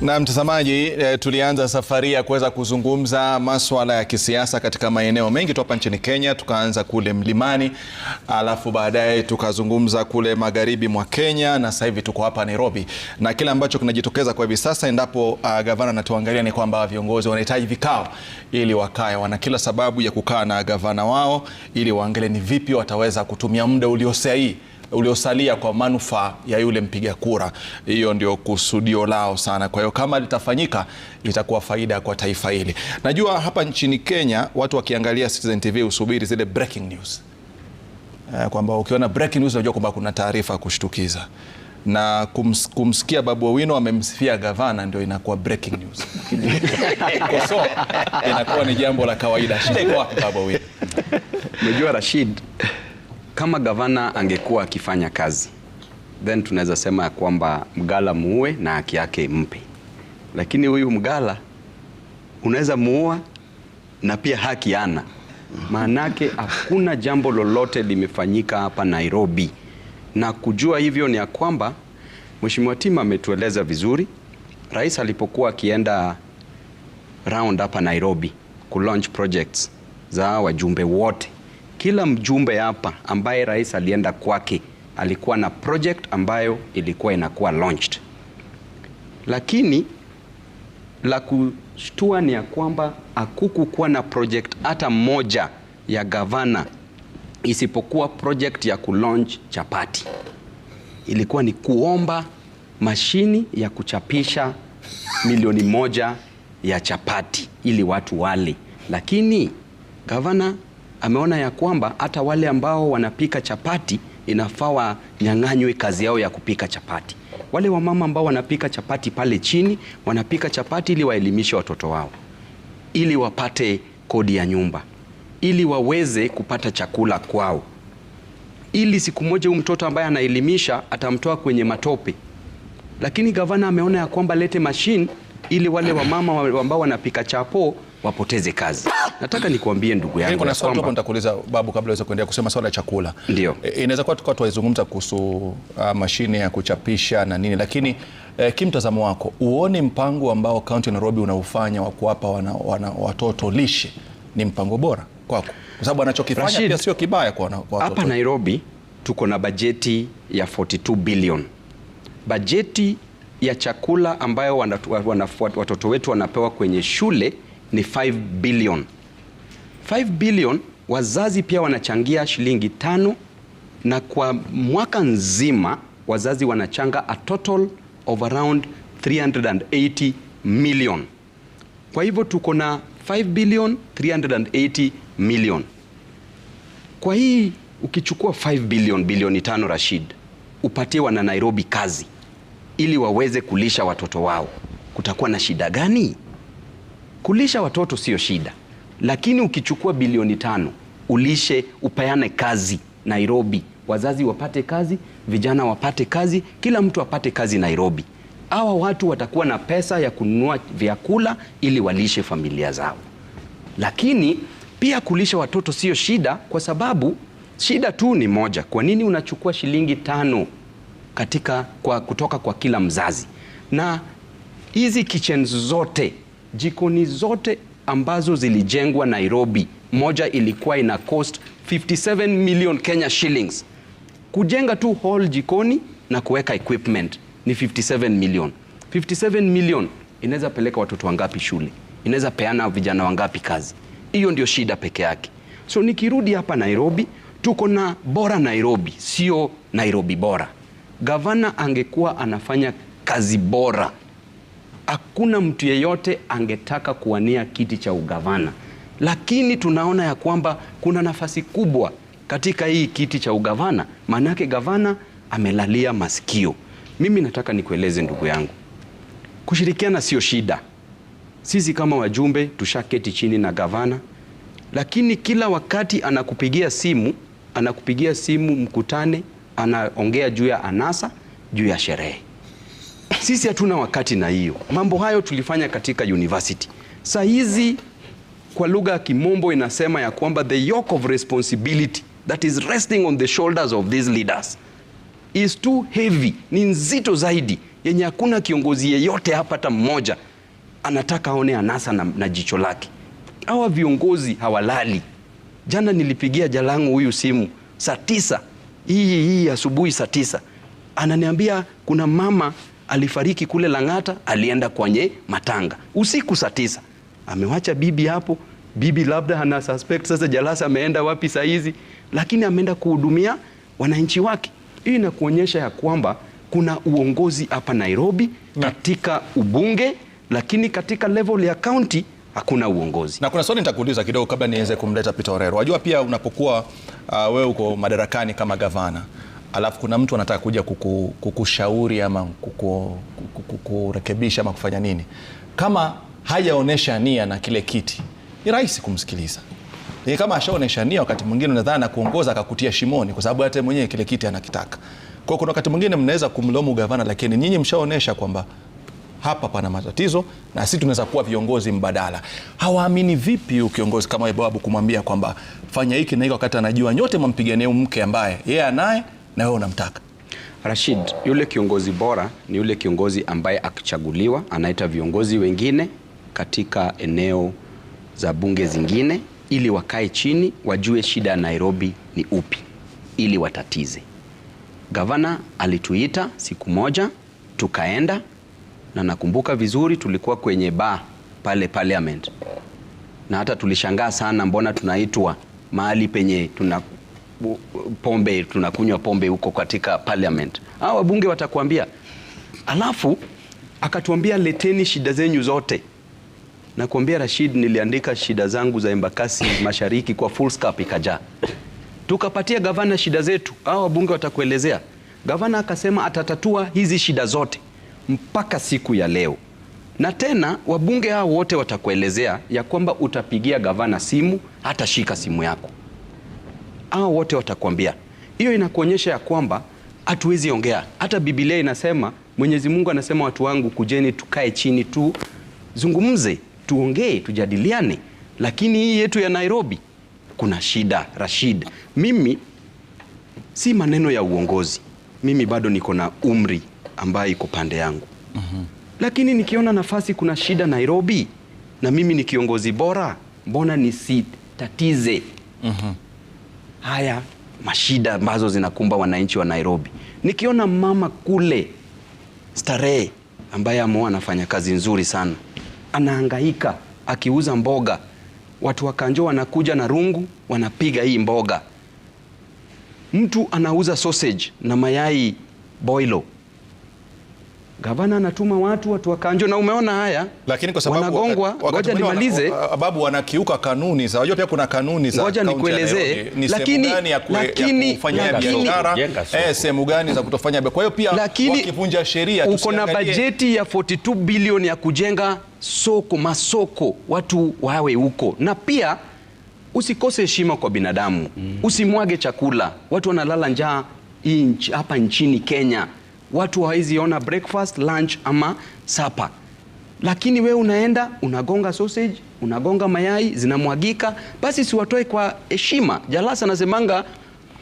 Na mtazamaji e, tulianza safari ya kuweza kuzungumza masuala ya kisiasa katika maeneo mengi tu hapa nchini Kenya. Tukaanza kule mlimani, alafu baadaye tukazungumza kule magharibi mwa Kenya, na sasa hivi tuko hapa Nairobi, na kile ambacho kinajitokeza kwa hivi sasa, endapo uh, gavana anatuangalia, ni kwamba viongozi wanahitaji vikao ili wakae. Wana kila sababu ya kukaa na gavana wao ili waangalie ni vipi wataweza kutumia muda uliosahihi uliosalia kwa manufaa ya yule mpiga kura. Hiyo ndio kusudio lao sana. Kwa hiyo kama litafanyika, litakuwa faida kwa taifa hili. Najua hapa nchini Kenya watu wakiangalia Citizen TV usubiri zile breaking news, eh, kwamba ukiona breaking news unajua kwamba kuna taarifa kushtukiza na kums, kumsikia Babu Owino amemsifia gavana ndio inakuwa breaking news, So, inakuwa ni jambo la kawaida. Shida iko wapi, Babu Owino? Unajua Rashid kama gavana angekuwa akifanya kazi, then tunaweza sema ya kwamba Mgala muue na haki yake mpe, lakini huyu Mgala unaweza muua na pia haki ana, maanake hakuna jambo lolote limefanyika hapa Nairobi. Na kujua hivyo ni ya kwamba Mheshimiwa Tima ametueleza vizuri, rais alipokuwa akienda round hapa Nairobi ku launch projects za wajumbe wote kila mjumbe hapa ambaye rais alienda kwake alikuwa na project ambayo ilikuwa inakuwa launched, lakini la kushtua ni ya kwamba hakukukuwa na project hata moja ya gavana isipokuwa project ya kulaunch chapati. Ilikuwa ni kuomba mashini ya kuchapisha milioni moja ya chapati ili watu wale, lakini gavana ameona ya kwamba hata wale ambao wanapika chapati inafaa wanyang'anywe kazi yao ya kupika chapati. Wale wamama ambao wanapika chapati pale chini wanapika chapati ili waelimishe watoto wao, ili wapate kodi ya nyumba, ili waweze kupata chakula kwao, ili siku moja huyu mtoto ambaye anaelimisha atamtoa kwenye matope. Lakini gavana ameona ya kwamba lete mashine ili wale wamama ambao wanapika chapo wapoteze kazi. Nataka nikuambie ndugu yangu kuna swali hapo nitakuuliza babu, kabla uweze kuendelea kusema swala ya chakula. Ndio. E, inaweza kuwa tukawa tuwaizungumza kuhusu uh, mashine ya kuchapisha na nini, lakini e, kimtazamo wako uone mpango ambao kaunti ya Nairobi unaufanya wa kuwapa wana, wana, watoto lishe ni mpango bora kwako, kwa sababu anachokifanya pia sio kibaya kwa watoto. Hapa Nairobi tuko na bajeti ya 42 billion bajeti ya chakula ambayo watoto wetu wanapewa kwenye shule ni 5 bilioni. 5 billion wazazi pia wanachangia shilingi tano, na kwa mwaka nzima wazazi wanachanga a total of around 380 million. Kwa hivyo tuko na 5 billion 380 million. Kwa hii ukichukua 5 billion bilioni tano, Rashid, upatie wana Nairobi kazi ili waweze kulisha watoto wao, kutakuwa na shida gani? Kulisha watoto sio shida. Lakini ukichukua bilioni tano ulishe, upayane kazi Nairobi, wazazi wapate kazi, vijana wapate kazi, kila mtu apate kazi Nairobi. Hawa watu watakuwa na pesa ya kununua vyakula ili walishe familia zao. Lakini pia kulisha watoto sio shida, kwa sababu shida tu ni moja. Kwa nini unachukua shilingi tano katika kwa kutoka kwa kila mzazi? Na hizi kitchens zote, jikoni zote ambazo zilijengwa Nairobi. Moja ilikuwa ina cost 57 million Kenya shillings kujenga tu hall jikoni na kuweka equipment ni 57 million. 57 million inaweza peleka watoto wangapi shule? Inaweza peana vijana wangapi kazi? Hiyo ndio shida peke yake. So nikirudi hapa Nairobi, tuko na bora Nairobi, sio Nairobi bora. Gavana angekuwa anafanya kazi bora hakuna mtu yeyote angetaka kuwania kiti cha ugavana, lakini tunaona ya kwamba kuna nafasi kubwa katika hii kiti cha ugavana, maanake gavana amelalia masikio. Mimi nataka nikueleze ndugu yangu, kushirikiana sio shida. Sisi kama wajumbe tushaketi chini na gavana, lakini kila wakati anakupigia simu, anakupigia simu mkutane, anaongea juu ya anasa, juu ya sherehe sisi hatuna wakati na hiyo mambo hayo, tulifanya katika university. Saa hizi kwa lugha ya kimombo inasema ya kwamba the yoke of responsibility that is resting on the shoulders of these leaders is too heavy, ni nzito zaidi, yenye hakuna kiongozi yeyote hapa hata mmoja anataka aone anasa na, na jicho lake. Hawa viongozi hawalali. Jana nilipigia Jalangu huyu simu saa tisa hii hii asubuhi saa tisa, ananiambia kuna mama alifariki kule Lang'ata, alienda kwenye matanga usiku saa tisa, amewacha bibi hapo. Bibi labda ana suspect sasa, Jalasa ameenda wapi saa hizi, lakini ameenda kuhudumia wananchi wake. Hii inakuonyesha ya kwamba kuna uongozi hapa Nairobi katika ubunge, lakini katika level ya county hakuna uongozi. Na kuna swali nitakuuliza kidogo kabla niweze kumleta Peter Orero. Wajua pia unapokuwa uh, wewe uko madarakani kama gavana alafu kuna mtu anataka kuja kuku, kukushauri ama kuku, kukurekebisha ama kufanya nini, kama hajaonesha nia na kile kiti ni rahisi kumsikiliza. Lakini kama ashaonesha nia, wakati mwingine unadhani na kuongoza akakutia shimoni, kwa sababu hata mwenyewe kile kiti anakitaka. Kwa kuna wakati mwingine mnaweza kumlomu gavana, lakini nyinyi mshaonesha kwamba hapa pana matatizo na sisi tunaweza kuwa viongozi mbadala. Hawaamini vipi ukiongozi kama Babu kumwambia kwamba fanya hiki na hiki, wakati anajua nyote mwampigania mke ambaye yeye yeah, anaye na wewe unamtaka Rashid, yule kiongozi bora ni yule kiongozi ambaye akichaguliwa anaita viongozi wengine katika eneo za bunge zingine ili wakae chini wajue shida ya Nairobi ni upi ili watatize. Gavana alituita siku moja tukaenda, na nakumbuka vizuri tulikuwa kwenye ba pale parliament, na hata tulishangaa sana, mbona tunaitwa mahali penye tuna pombe, tunakunywa pombe huko katika parliament. Hawa wabunge watakuambia. Alafu akatuambia leteni shida zenyu zote. Nakuambia Rashid, niliandika shida zangu za Embakasi Mashariki kwa full scap ikajaa. Tukapatia gavana shida zetu, hawa wabunge watakuelezea. Gavana akasema atatatua hizi shida zote mpaka siku ya leo, na tena wabunge hao wote watakuelezea ya kwamba utapigia gavana simu, shika simu yako hao wote watakwambia. Hiyo inakuonyesha ya kwamba hatuwezi ongea. Hata Biblia inasema, Mwenyezi Mungu anasema, watu wangu kujeni, tukae chini, tuzungumze, tuongee, tujadiliane. Lakini hii yetu ya Nairobi kuna shida, Rashid. Mimi si maneno ya uongozi, mimi bado niko na umri ambayo iko pande yangu mm -hmm. Lakini nikiona nafasi kuna shida Nairobi na mimi ni kiongozi bora, mbona nisitatize? mm -hmm haya mashida ambazo zinakumba wananchi wa Nairobi. Nikiona mama kule Starehe ambaye amo anafanya kazi nzuri sana, anahangaika akiuza mboga, watu wa Kanjo wanakuja na rungu wanapiga hii mboga. Mtu anauza sausage na mayai boilo Gavana anatuma watu watu wakanjo, na umeona haya, lakini kwa sababu wanagongwa. Ngoja nimalize, sababu wanakiuka kanuni za wajua, pia kuna kanuni za ngoja nikuelezee, ni lakini ya sehemu lakini ya kufanya biashara eh, sehemu gani za kutofanya. Kwa hiyo pia wakivunja sheria, uko na bajeti ya 42 bilioni ya kujenga soko masoko, watu wawe huko, na pia usikose heshima kwa binadamu mm. Usimwage chakula, watu wanalala njaa hapa nchini Kenya watu ona breakfast, lunch ama supper. Lakini we unaenda unagonga sausage, unagonga mayai zinamwagika, basi siwatoe kwa heshima. Jalasa anasemanga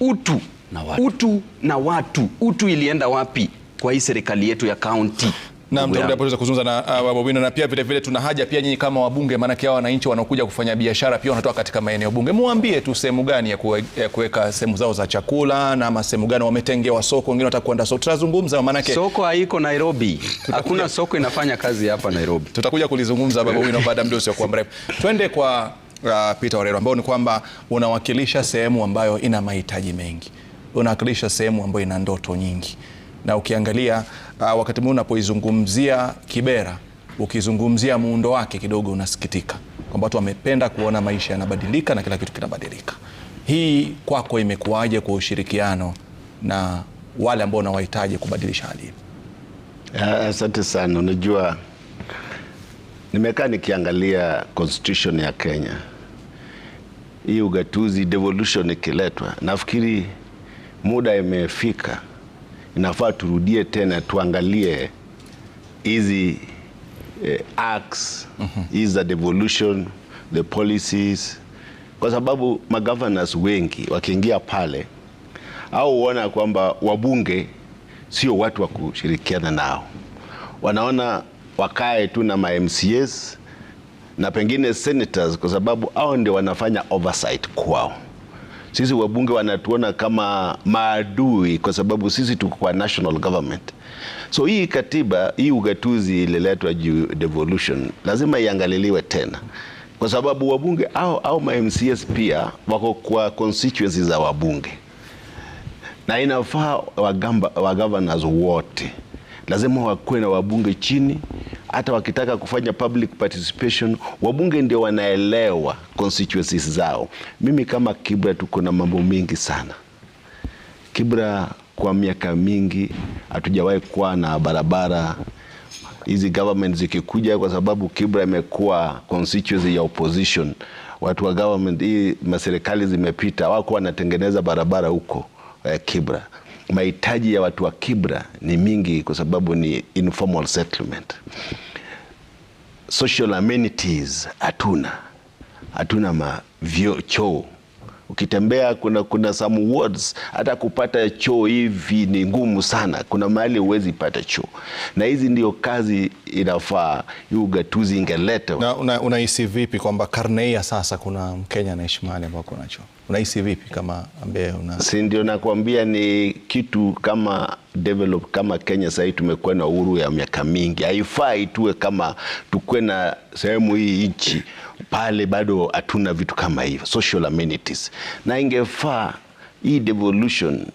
utu na watu. Utu na watu, utu ilienda wapi kwa hii serikali yetu ya kaunti? Naam, tutakuja hapo kuzungumza na Bwana uh, Owino na pia vile vile tuna haja pia nyinyi kama wabunge, maanake hao wananchi wanaokuja kufanya biashara pia wanatoka katika maeneo bunge, muambie tu sehemu gani ya kuweka sehemu zao za chakula na ama sehemu gani wametengewa soko, wengine watakwenda soko. Tutazungumza maanake soko haiko Nairobi, hakuna soko inafanya kazi hapa Nairobi. Tutakuja kulizungumza Bwana baada baada muda usiokuwa mrefu. Twende kwa uh, Peter Orero ambao ni kwamba unawakilisha sehemu ambayo ina mahitaji mengi, unawakilisha sehemu ambayo ina ndoto nyingi na ukiangalia uh, wakati mwingine unapoizungumzia Kibera ukizungumzia muundo wake kidogo unasikitika kwamba watu wamependa kuona maisha yanabadilika na kila kitu kinabadilika. Hii kwako imekuwaje kwa ushirikiano na wale ambao unawahitaji kubadilisha hali hii? Ah, asante uh, sana. Unajua, nimekaa nikiangalia constitution ya Kenya hii ugatuzi devolution ikiletwa, nafikiri muda imefika inafaa turudie tena tuangalie hizi eh, acts mhm. hizi za devolution the policies, kwa sababu magovernors wengi wakiingia pale au huona kwamba wabunge sio watu wa kushirikiana nao, wanaona wakae tu na ma MCAs na pengine senators, kwa sababu hao ndio wanafanya oversight kwao. Sisi wabunge wanatuona kama maadui kwa sababu sisi tuko kwa national government. So hii katiba hii ugatuzi ililetwa juu devolution lazima iangaliliwe tena, kwa sababu wabunge au, au ma MCS pia wako kwa constituency za wabunge, na inafaa wagamba, wagovernors wote lazima wakuwe na wabunge chini hata wakitaka kufanya public participation, wabunge ndio wanaelewa constituencies zao. Mimi kama Kibra tuko na mambo mingi sana. Kibra kwa miaka mingi hatujawahi kuwa na barabara hizi government zikikuja, kwa sababu Kibra imekuwa constituency ya opposition. Watu wa government hii maserikali zimepita, wako wanatengeneza barabara huko eh, Kibra mahitaji ya watu wa Kibra ni mingi kwa sababu ni informal settlement. Social amenities hatuna, hatuna ma vyoo choo Ukitembea kuna, kuna some words, hata kupata choo hivi ni ngumu sana. Kuna mahali huwezi pata choo, na hizi ndio kazi inafaa ugatuzi ingeleta. Na unahisi una vipi kwamba karne hii ya sasa kuna Mkenya anaishi mahali ambao kuna choo? Unahisi vipi kama ambaye una... si ndio nakwambia ni kitu kama develop kama Kenya sahii tumekuwa na uhuru ya miaka mingi. Haifai tuwe kama tukuwe na sehemu hii nchi pale bado hatuna vitu kama hivyo social amenities, na ingefaa hii devolution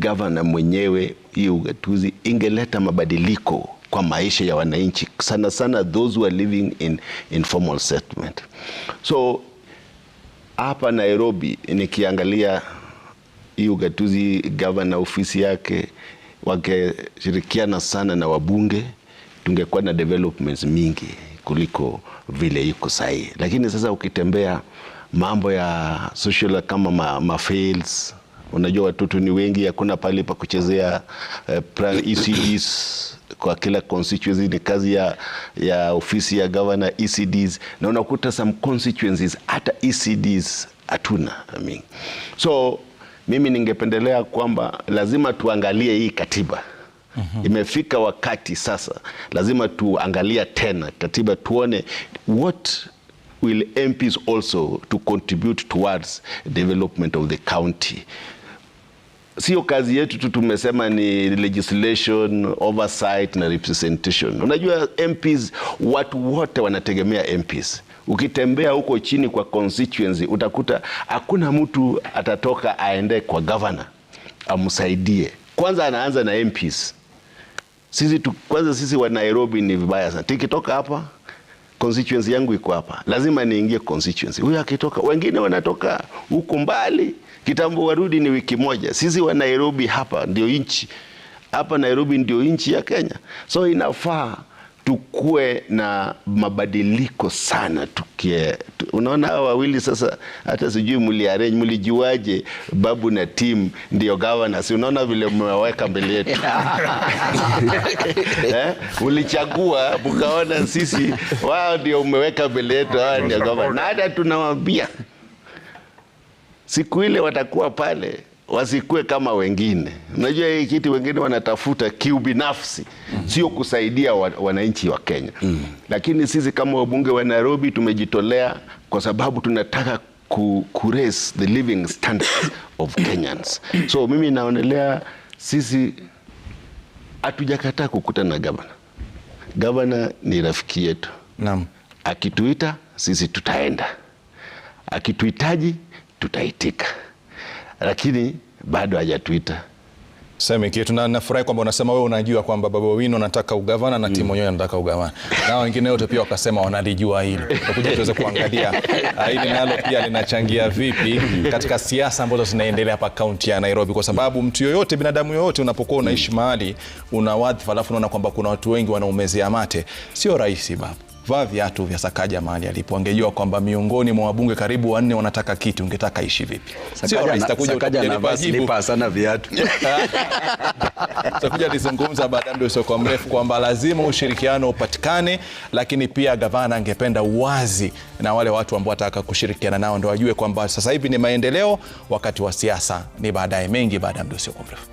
governor mwenyewe hii ugatuzi ingeleta mabadiliko kwa maisha ya wananchi, sana sana those who are living in informal settlement. So hapa Nairobi nikiangalia hii ugatuzi governor ofisi yake wangeshirikiana sana na wabunge, tungekuwa na developments mingi kuliko vile iko sahii. Lakini sasa ukitembea mambo ya social kama ma, ma fails, unajua watoto ni wengi, hakuna pale pa kuchezea eh, ECDs kwa kila constituency ni kazi ya, ya ofisi ya governor ECDs, na unakuta some constituencies hata ECDs hatuna I mean. so mimi ningependelea kwamba lazima tuangalie hii katiba. Mm -hmm. Imefika wakati sasa, lazima tuangalia tena katiba tuone what will MPs also to contribute towards development of the county. Sio kazi yetu tu, tumesema ni legislation oversight na representation. Unajua MPs, watu wote wanategemea MPs. Ukitembea huko chini kwa constituency, utakuta hakuna mtu atatoka aende kwa governor amsaidie. Kwanza anaanza na MPs. Sisi tu, kwanza sisi wa Nairobi ni vibaya sana. Tikitoka hapa constituency yangu iko hapa, lazima niingie constituency. Huyo akitoka, wengine wanatoka huko mbali kitambo, warudi ni wiki moja. Sisi wa Nairobi hapa ndio inchi, hapa Nairobi ndio inchi ya Kenya, so inafaa tukuwe na mabadiliko sana tukie. Unaona hawa wawili sasa, hata sijui mliarrange, mlijuaje Babu na Tim ndio Si Unaona vile mmeweka mbele yetu eh? Ulichagua mkaona sisi, wao ndio umeweka mbele yetu, hawa ndio governors, na hata tunawaambia siku ile watakuwa pale wasikue kama wengine. Unajua hii kiti, wengine wanatafuta kiubinafsi, sio kusaidia wananchi wa Kenya. Mm. Lakini sisi kama wabunge wa Nairobi tumejitolea kwa sababu tunataka ku, ku raise the living standards of Kenyans. So mimi naonelea sisi hatujakataa kukutana na gavana. Gavana ni rafiki yetu. Naam. Akituita sisi tutaenda, akituhitaji tutaitika lakini bado hajatuita sema kitu na nafurahi kwamba unasema wewe unajua kwamba Baba Owino anataka ugavana na timu mm. yenyewe anataka ugavana na wengine wote pia wakasema wanalijua hili. Tutakuja tuweze kuangalia ah, hili nalo pia linachangia vipi katika siasa ambazo zinaendelea hapa kaunti ya Nairobi, kwa sababu mtu yoyote, binadamu yoyote, unapokuwa unaishi mahali una wadhifa alafu unaona kwamba kuna watu wengi wanaumezea mate, sio rahisi baba vaa viatu vya Sakaja mahali alipo. Angejua kwamba miongoni mwa wabunge karibu wanne wanataka kiti, ungetaka ishi vipi? Takuja sana baada ndio sio kwa mrefu, kwamba lazima ushirikiano upatikane, lakini pia gavana angependa uwazi na wale watu ambao wataka kushirikiana nao, ndio wajue kwamba sasa hivi ni maendeleo, wakati wa siasa ni baadaye. Mengi baada ya mdo sio kwa mrefu.